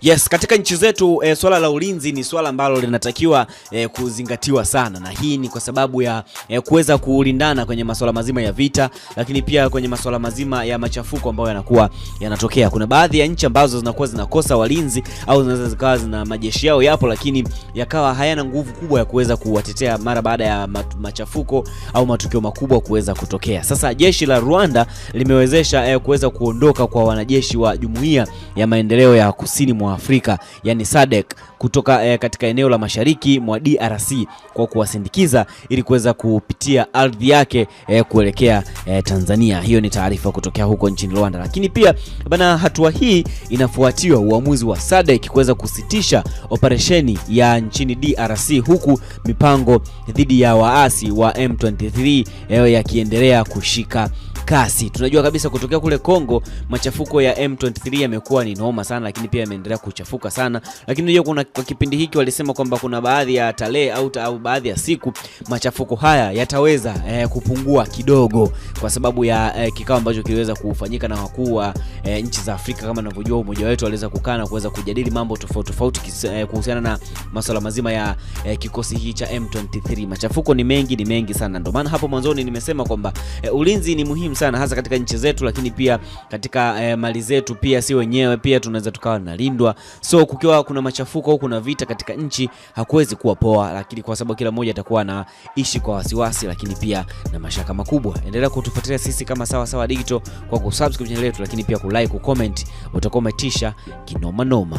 Yes, katika nchi zetu e, swala la ulinzi ni swala ambalo linatakiwa e, kuzingatiwa sana, na hii ni kwa sababu ya e, kuweza kulindana kwenye masuala mazima ya vita, lakini pia kwenye masuala mazima ya machafuko ambayo yanakuwa yanatokea. Kuna baadhi ya nchi ambazo zinakuwa zinakosa walinzi au zinaweza zikawa zina majeshi yao yapo, lakini yakawa hayana nguvu kubwa ya kuweza kuwatetea mara baada ya machafuko au matukio makubwa kuweza kutokea. Sasa jeshi la Rwanda limewezesha e, kuweza kuondoka kwa wanajeshi wa Jumuiya ya Maendeleo ya Kusini mwa mwa Afrika yani SADC kutoka eh, katika eneo la mashariki mwa DRC kwa kuwasindikiza ili kuweza kupitia ardhi yake eh, kuelekea eh, Tanzania. Hiyo ni taarifa kutokea huko nchini Rwanda. Lakini pia bana, hatua hii inafuatiwa uamuzi wa SADC kuweza kusitisha operesheni ya nchini DRC huku mipango dhidi ya waasi wa M23 eh, yakiendelea kushika kasi. Tunajua kabisa kutokea kule Kongo machafuko ya M23 yamekuwa ni noma sana, lakini pia yameendelea inaendelea kuchafuka sana, lakini unajua kuna kwa kipindi hiki walisema kwamba kuna baadhi ya tarehe au, au baadhi ya siku machafuko haya yataweza eh, kupungua kidogo kwa sababu ya eh, kikao ambacho kiliweza kufanyika na wakuu wa eh, nchi za Afrika. Kama ninavyojua umoja wetu waliweza kukaa na kuweza kujadili mambo tofauti tofauti eh, kuhusiana na masuala mazima ya eh, kikosi hii cha M23. Machafuko ni mengi, ni mengi sana. Ndio maana hapo mwanzoni nimesema kwamba eh, ulinzi ni muhimu sana hasa katika nchi zetu, lakini pia katika eh, mali zetu pia si wenyewe pia tunaweza tukawa nalindwa kuchukuliwa. So kukiwa kuna machafuko au kuna vita katika nchi hakuwezi kuwa poa, lakini kwa sababu kila mmoja atakuwa anaishi kwa wasiwasi, lakini pia na mashaka makubwa. Endelea kutufuatilia sisi kama Sawa Sawa Digital kwa kusubscribe channel yetu, lakini pia kulike, kucomment, utakuwa umetisha kinoma noma.